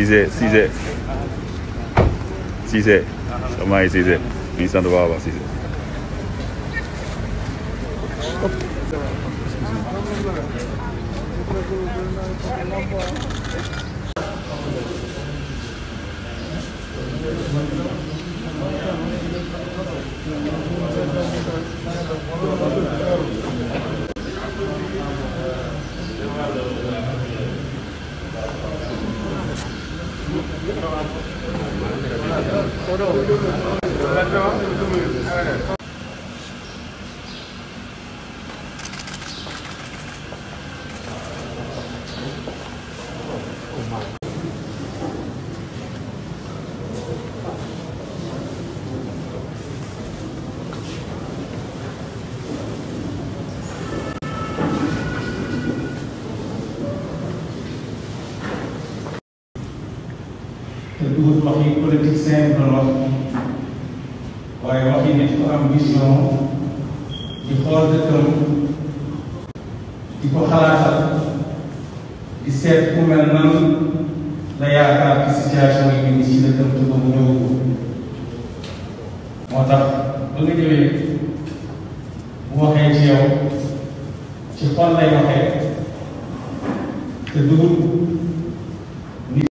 CJ、CJ、CJ、甘い CJ、インスタントバーバー CJ。Thank you. Soru oldu. Ben te dugut wax yi politicien doon wax waaye wax yi nit ko am vision di xool dëkkam di ko xalaatal di seet ku mel nan la yaakaar ci situation yi ni ci dëkkam te ko mu ñëw ko moo tax ba nga ñëwee bu waxee ci yow ci xol lay waxee te dugut